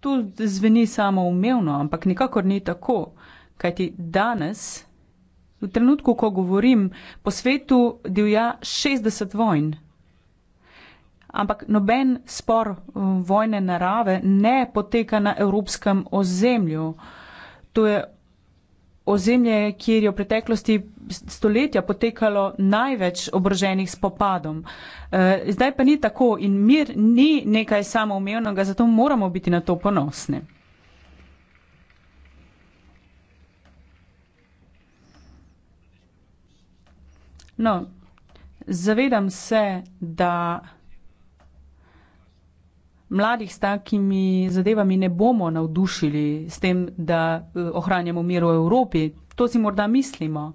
[SPEAKER 5] To zveni samo umevno, ampak nikakor ni tako, kajti danes, v trenutku, ko govorim, po svetu divja 60 vojn. Ampak noben spor eh, vojne narave ne poteka na evropskem ozemlju. To je ozemlje, kjer je v preteklosti stoletja potekalo največ oboroženih spopadom. Eh, zdaj pa ni tako in mir ni nekaj samoumevnega, zato moramo biti na to ponosni. No, zavedam se, da mladih s takimi zadevami ne bomo navdušili s tem, da eh, ohranjamo mir v Evropi. To si morda mislimo.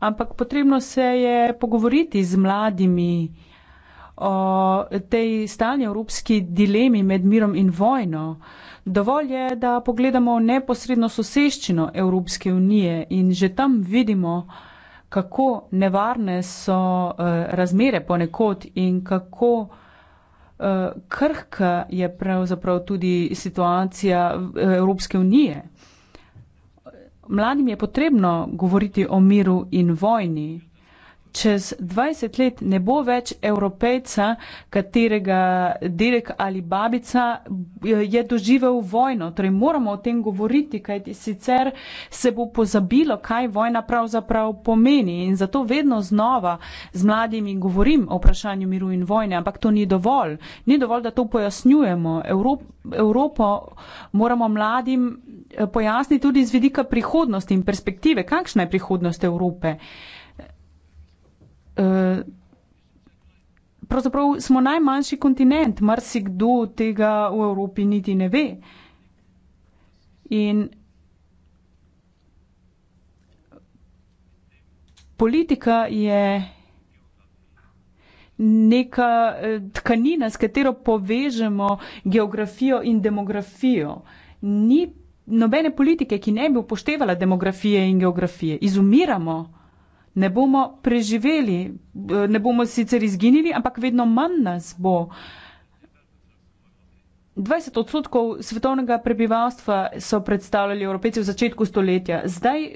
[SPEAKER 5] Ampak potrebno se je pogovoriti z mladimi o tej stalni evropski dilemi med mirom in vojno. Dovolj je, da pogledamo neposredno soseščino Evropske unije in že tam vidimo, kako nevarne so eh, razmere ponekod in kako krhka je pravzaprav tudi situacija Evropske unije. Mladim je potrebno govoriti o miru in vojni, čez 20 let ne bo več evropejca, katerega dedek ali babica eh, je doživel vojno. Torej moramo o tem govoriti, kajti sicer se bo pozabilo, kaj vojna pravzaprav pomeni. In zato vedno znova z mladimi govorim o vprašanju miru in vojne, ampak to ni dovolj. Ni dovolj, da to pojasnjujemo. Evrop, Evropo moramo mladim eh, pojasniti tudi z vidika prihodnosti in perspektive, kakšna je prihodnost Evrope. Eh, pravzaprav smo najmanjši kontinent, marsikdo tega v Evropi niti ne ve. In politika je neka eh, tkanina, s katero povežemo geografijo in demografijo. Ni nobene politike, ki ne bi upoštevala demografije in geografije. Izumiramo ne bomo preživeli, ne bomo sicer izginili, ampak vedno manj nas bo. 20 odstotkov svetovnega prebivalstva so predstavljali Evropejci v začetku stoletja. Zdaj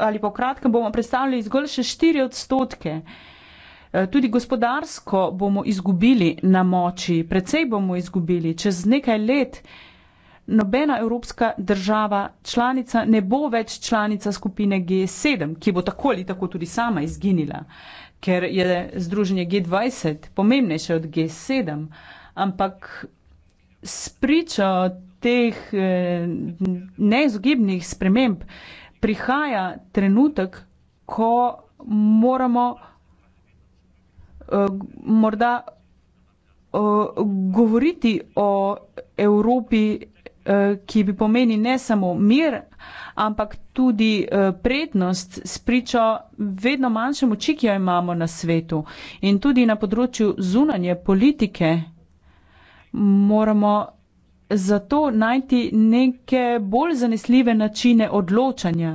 [SPEAKER 5] ali po kratkem bomo predstavljali zgolj še 4 odstotke. Eh, tudi gospodarsko bomo izgubili na moči, predvsej bomo izgubili. Čez nekaj let uh, nobena evropska država članica ne bo več članica skupine G7, ki bo tako ali tako tudi sama izginila, ker je združenje G20 pomembnejše od G7. Ampak s pričo teh eh, neizogibnih sprememb prihaja trenutek, ko moramo eh, morda eh, govoriti o Evropi Eh, ki bi pomeni ne samo mir, ampak tudi eh, prednost spričo vedno manjšemu oči, ki jo imamo na svetu in tudi na področju zunanje politike moramo zato najti neke bolj zanesljive načine odločanja.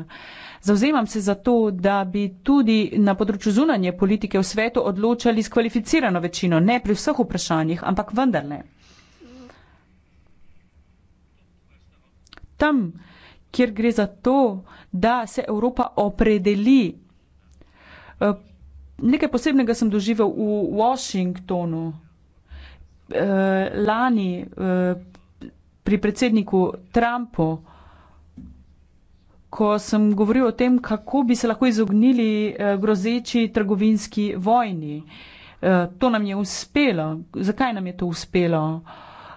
[SPEAKER 5] Zauzemam se za to, da bi tudi na področju zunanje politike v svetu odločali s kvalificirano večino, ne pri vseh vprašanjih, ampak vendarle. tam, kjer gre za to, da se Evropa opredeli. Eh, nekaj posebnega sem doživel v Washingtonu eh, lani eh, pri predsedniku Trumpu, ko sem govoril o tem, kako bi se lahko izognili grozeči trgovinski vojni. To nam je uspelo. Zakaj nam je to uspelo?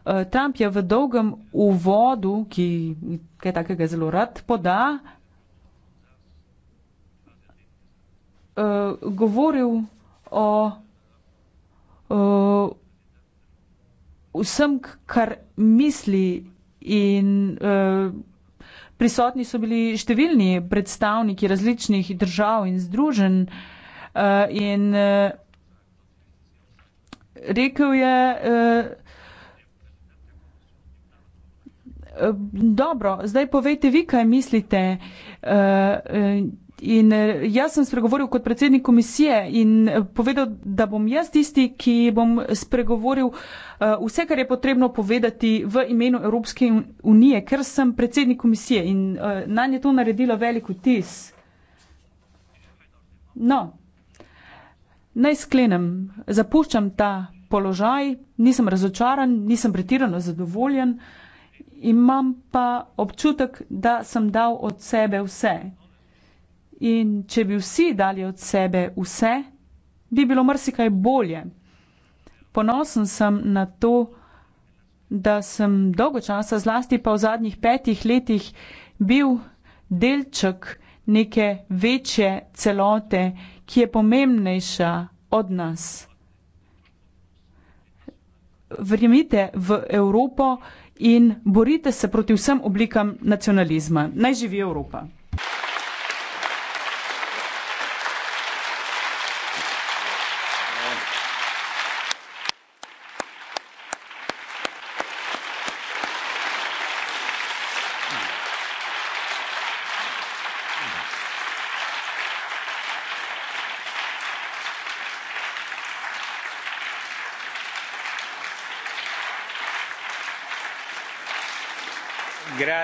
[SPEAKER 5] Eh, Trump je v dolgem uvodu, ki kaj takega zelo rad poda, eh, govoril o, o eh, vsem, kar misli in prisotni so bili številni predstavniki različnih držav in združen in rekel je, dobro, zdaj povejte vi, kaj mislite. Eh, eh, in eh, jaz sem spregovoril kot predsednik komisije in povedal, da bom jaz tisti, ki bom spregovoril vse, kar je potrebno povedati v imenu Evropske unije, ker sem predsednik komisije in na nje to naredilo veliko tis. No, naj sklenem, zapuščam ta položaj, nisem razočaran, nisem pretirano zadovoljen imam pa občutek, da sem dal od sebe vse. In če bi vsi dali od sebe vse, bi bilo marsikaj bolje. Ponosen sem na to, da sem dolgo časa, zlasti pa v zadnjih petih letih, bil delček neke večje celote, ki je pomembnejša od nas. Verjemite v Evropo, in borite se proti vsem oblikam nacionalizma. Naj živi Evropa.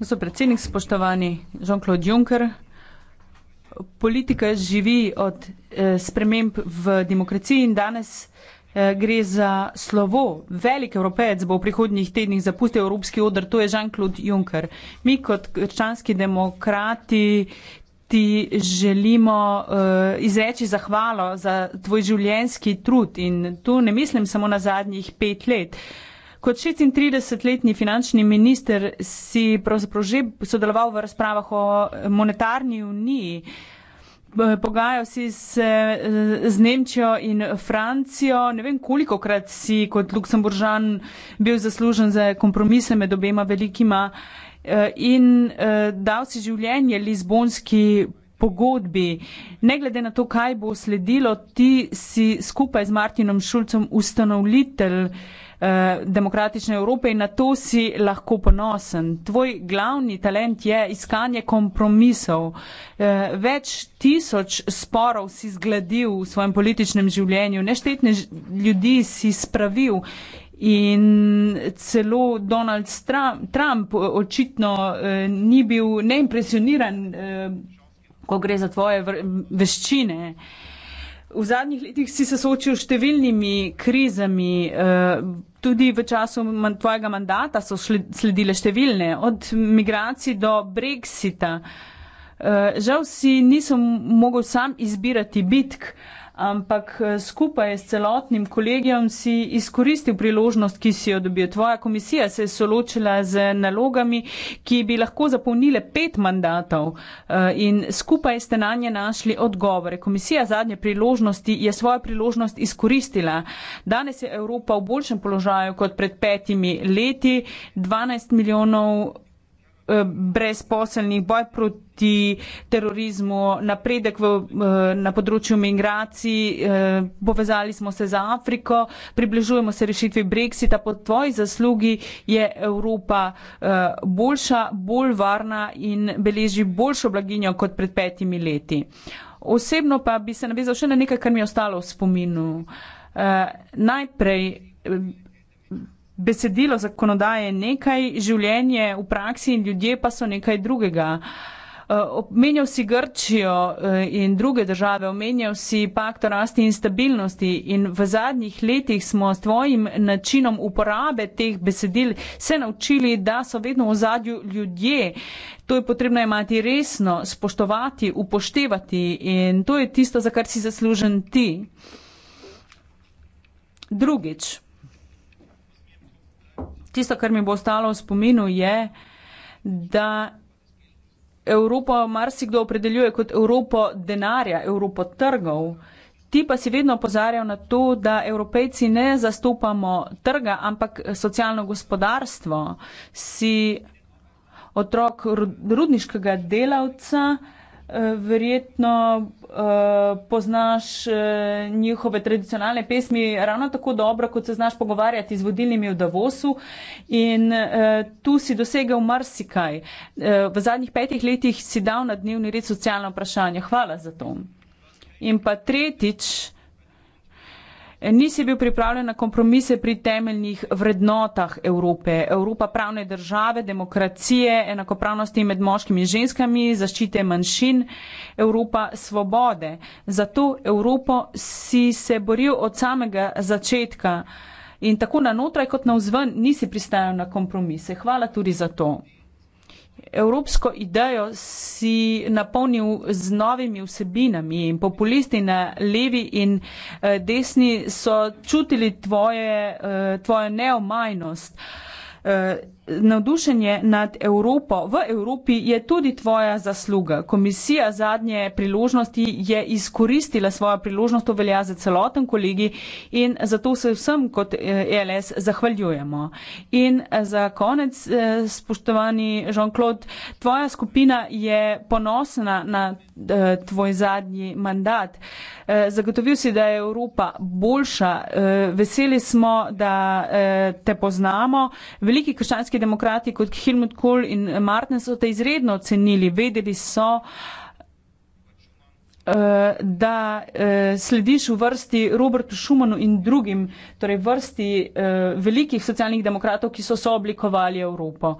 [SPEAKER 5] Gospod predsednik, spoštovani Jean-Claude Juncker, politika živi od eh, sprememb v demokraciji in danes eh, gre za slovo. Velik evropec bo v prihodnjih tednih zapustil evropski odr, to je Jean-Claude Juncker. Mi kot krščanski demokrati ti želimo uh, izreči zahvalo za tvoj življenjski trud in tu ne mislim samo na zadnjih pet let. Uh, Kot 36-letni finančni minister si pravzaprav že sodeloval v razpravah o monetarni uniji. Pogajal si se z Nemčijo in Francijo. Ne vem, koliko krat si kot Luksemburžan bil zaslužen za kompromise med obema velikima eh, in eh, dal si življenje Lizbonski pogodbi. Ne glede na to, kaj bo sledilo, ti si skupaj z Martinom Šulcem ustanovitelj Eh, demokratične Evrope in na to si lahko ponosen. Tvoj glavni talent je iskanje kompromisov. Eh, več tisoč sporov si zgladil v svojem političnem življenju, neštetne ljudi si spravil. In celo Donald Trump eh, očitno eh, ni bil neimpresioniran, eh, ko gre za tvoje veščine. Eh, V zadnjih letih si se soočil s številnimi krizami, eh, tudi v času tvojega mandata so sledile številne, od migracij do brexita. Eh, žal si nisem mogel sam izbirati bitk ampak eh, skupaj s celotnim kolegijom si izkoristil priložnost, ki si jo dobil. Tvoja komisija se je soločila z nalogami, ki bi lahko zapolnile pet mandatov eh, in skupaj ste na nje našli odgovore. Komisija zadnje priložnosti je svojo priložnost izkoristila. Danes je Evropa v boljšem položaju kot pred petimi leti. 12 milijonov Eh, brezposelnih, boj proti terorizmu, napredek v, eh, na področju migracij, eh, povezali smo se z Afriko, približujemo se rešitvi Brexita. Po tvoji zaslugi je Evropa boljša, bolj varna in beleži boljšo blaginjo kot pred petimi leti. Osebno pa bi se navezal še na nekaj, kar mi je ostalo v spominu. Najprej besedilo zakonodaje je nekaj, življenje v praksi in ljudje pa so nekaj drugega. Eh, omenjal si Grčijo eh, in druge države, omenjal si pakt o rasti in stabilnosti in v zadnjih letih smo s tvojim načinom uporabe teh besedil se naučili, da so vedno v zadju ljudje. To je potrebno imati resno, spoštovati, upoštevati in to je tisto, za kar si zaslužen ti. Drugič tisto, kar mi bo ostalo v spominu, je, da Evropo marsikdo opredeljuje kot Evropo denarja, Evropo trgov. Ti pa si vedno pozarjajo na to, da evropejci ne zastopamo trga, ampak socialno gospodarstvo. Si otrok rudniškega delavca, verjetno eh, poznaš eh, njihove tradicionalne pesmi ravno tako dobro, kot se znaš pogovarjati z vodilnimi v Davosu in eh, tu si dosegel marsikaj. V zadnjih petih letih si dal na dnevni red socialno vprašanje. Hvala za to. In pa tretjič, nisi bil pripravljen na kompromise pri temeljnih vrednotah Evrope. Evropa pravne države, demokracije, enakopravnosti med moškimi in ženskami, zaščite manjšin, Evropa svobode. Zato Evropo si se boril od samega začetka. In tako na notraj kot na vzven nisi pristajal na kompromise. Hvala tudi za to. Evropsko idejo si napolnil z novimi vsebinami in populisti na levi in eh, desni so čutili tvoje, eh, tvojo neomajnost. Eh, navdušenje nad Evropo v Evropi je tudi tvoja zasluga. Komisija zadnje priložnosti je izkoristila svojo priložnost, to velja za celoten kolegi in zato se vsem kot ELS eh, e zahvaljujemo. In eh, za konec, eh, spoštovani Jean-Claude, tvoja skupina je ponosna na tvoj zadnji mandat. Zagotovil si, da je Evropa boljša. Veseli smo, da te poznamo. Veliki krščanski demokrati kot Helmut Kohl in Martin so te izredno ocenili. Vedeli so, eh, da eh, slediš v vrsti Robertu Schumanu in drugim, torej vrsti eh, velikih socialnih demokratov, ki so sooblikovali Evropo.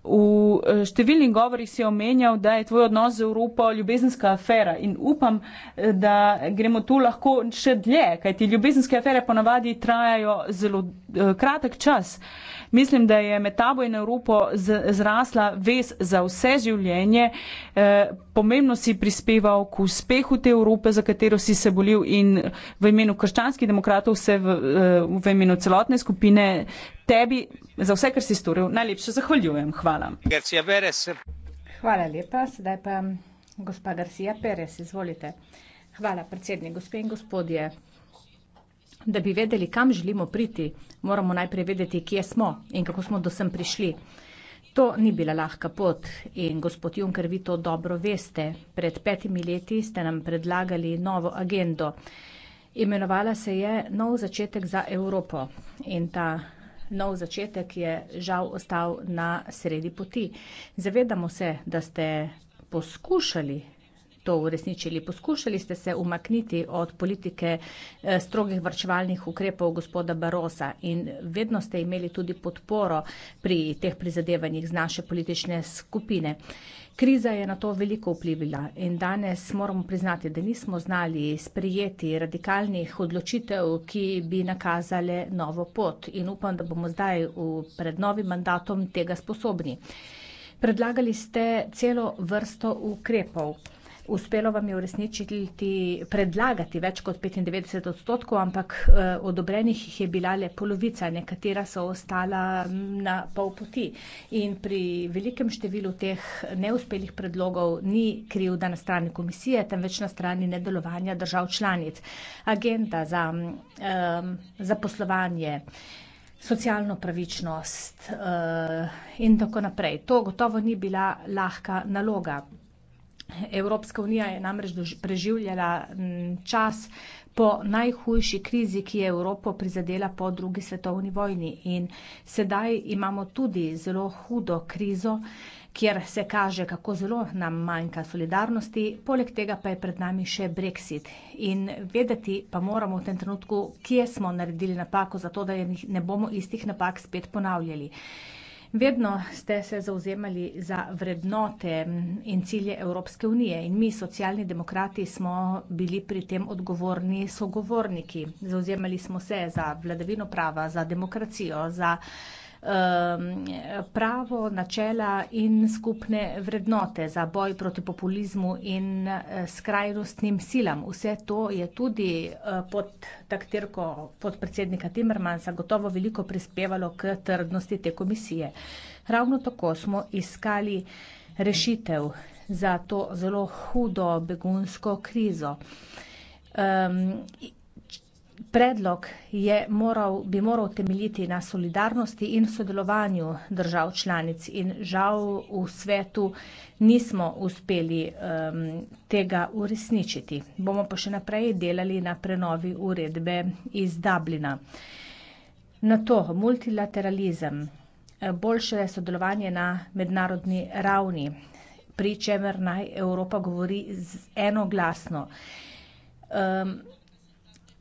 [SPEAKER 5] V številnih govorih si omenjal, da je tvoj odnos z Evropo ljubezenska afera in upam, da gremo tu lahko še dlje, kajti ljubezenske afere ponavadi trajajo zelo kratek čas. Mislim, da je med tabo in Evropo zrasla vez za vse življenje. E, pomembno si prispeval k uspehu te Evrope, za katero si se bolil in v imenu krščanskih demokratov se v, eh, v imenu celotne skupine tebi za vse, kar si storil. Najlepše zahvaljujem. Hvala.
[SPEAKER 6] Hvala lepa. Sedaj pa gospa Garcia Perez, izvolite. Hvala predsednik, gospe in gospodje da bi vedeli, kam želimo priti, moramo najprej vedeti, kje smo in kako smo do sem prišli. To ni bila lahka pot in gospod Juncker, vi to dobro veste. Pred petimi leti ste nam predlagali novo agendo. Imenovala se je Nov začetek za Evropo in ta nov začetek je žal ostal na sredi poti. Zavedamo se, da ste poskušali to uresničili. Poskušali ste se umakniti od politike eh, strogih vrčevalnih ukrepov gospoda Barosa in vedno ste imeli tudi podporo pri teh prizadevanjih z naše politične skupine. Kriza je na to veliko vplivila in danes moramo priznati, da nismo znali sprijeti radikalnih odločitev, ki bi nakazale novo pot in upam, da bomo zdaj v, pred novim mandatom tega sposobni. Predlagali ste celo vrsto ukrepov uspelo vam je uresničiti, predlagati več kot 95 odstotkov, ampak eh, odobrenih jih je bila le polovica, nekatera so ostala mm, na pol poti. In pri velikem številu teh neuspelih predlogov ni krivda na strani komisije, temveč na strani nedelovanja držav članic. Agenda za mm, eh, zaposlovanje. Socialno pravičnost uh, in tako naprej. To gotovo ni bila lahka naloga. Evropska unija je namreč preživljala mm, čas po najhujši krizi, ki je Evropo prizadela po drugi svetovni vojni. In sedaj imamo tudi zelo hudo krizo, kjer se kaže, kako zelo nam manjka solidarnosti, poleg tega pa je pred nami še Brexit. In vedeti pa moramo v tem trenutku, kje smo naredili napako, zato da ne bomo istih napak spet ponavljali. Vedno ste se zauzemali za vrednote in cilje Evropske unije in mi, socialni demokrati, smo bili pri tem odgovorni sogovorniki. Zauzemali smo se za vladavino prava, za demokracijo, za Um, pravo načela in skupne vrednote za boj proti populizmu in eh, skrajnostnim silam. Vse to je tudi eh, pod taktirko podpredsednika Timmermansa gotovo veliko prispevalo k trdnosti te komisije. Ravno tako smo iskali rešitev za to zelo hudo begunsko krizo. Um, Predlog je moral, bi moral temeljiti na solidarnosti in sodelovanju držav članic in žal v svetu nismo uspeli um, tega uresničiti. Bomo pa še naprej delali na prenovi uredbe iz Dublina. Na to multilateralizem, boljše sodelovanje na mednarodni ravni, pri čemer naj Evropa govori z enoglasno. Um,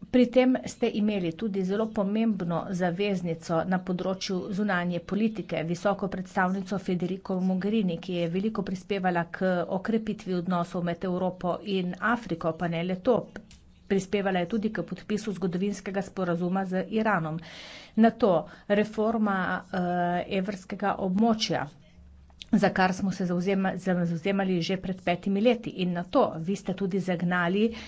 [SPEAKER 6] pri tem ste imeli tudi zelo pomembno zaveznico na področju zunanje politike, visoko predstavnico Federico Mogherini, ki je veliko prispevala k okrepitvi odnosov med Evropo in Afriko, pa ne le to. Prispevala je tudi k podpisu zgodovinskega sporazuma z Iranom. Na to reforma uh, evrskega območja za kar smo se zauzema, zauzemali že pred petimi leti. In na to vi ste tudi zagnali uh,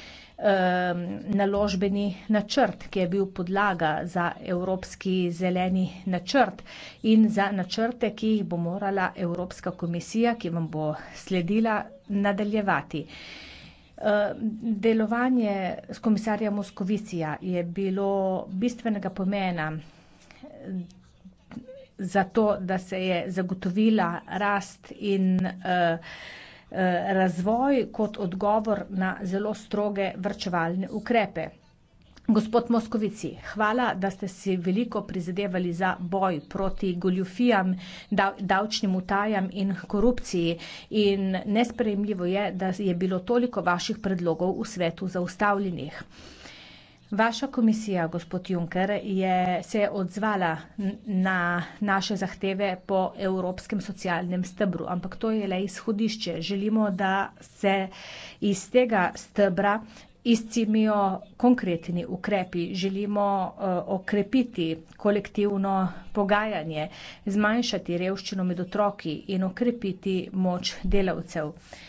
[SPEAKER 6] naložbeni načrt, ki je bil podlaga za evropski zeleni načrt in za načrte, ki jih bo morala Evropska komisija, ki vam bo sledila, nadaljevati. Delovanje s komisarja Moskovicija je bilo bistvenega pomena za to, da se je zagotovila rast in uh, Eh, razvoj kot odgovor na zelo stroge vrčevalne ukrepe. Gospod Moskovici, hvala, da ste si veliko prizadevali za boj proti goljufijam, davčnim utajam in korupciji. In nesprejemljivo je, da je bilo toliko vaših predlogov v svetu zaustavljenih. Vaša komisija, gospod Juncker, je, se je odzvala na naše zahteve po evropskem socialnem stebru, ampak to je le izhodišče. Želimo, da se iz tega stebra izcimijo konkretni ukrepi. Želimo uh, okrepiti kolektivno pogajanje, zmanjšati revščino med otroki in okrepiti moč delavcev. Uh,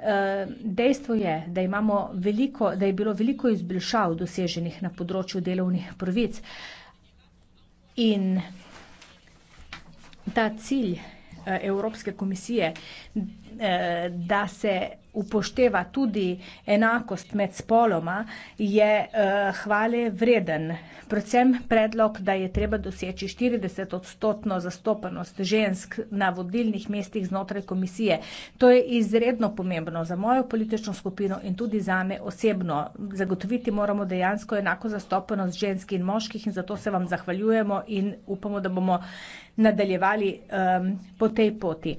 [SPEAKER 6] Eh, dejstvo je, da imamo veliko, da je bilo veliko izboljšav doseženih na področju delovnih prvic in ta cilj, eh, Evropske komisije, eh, da se upošteva tudi enakost med spoloma, je uh, hvale vreden. Predvsem predlog, da je treba doseči 40 odstotno zastopanost žensk na vodilnih mestih znotraj komisije. To je izredno pomembno za mojo politično skupino in tudi za me osebno. Zagotoviti moramo dejansko enako zastopanost žensk in moških in zato se vam zahvaljujemo in upamo, da bomo nadaljevali um, po tej poti.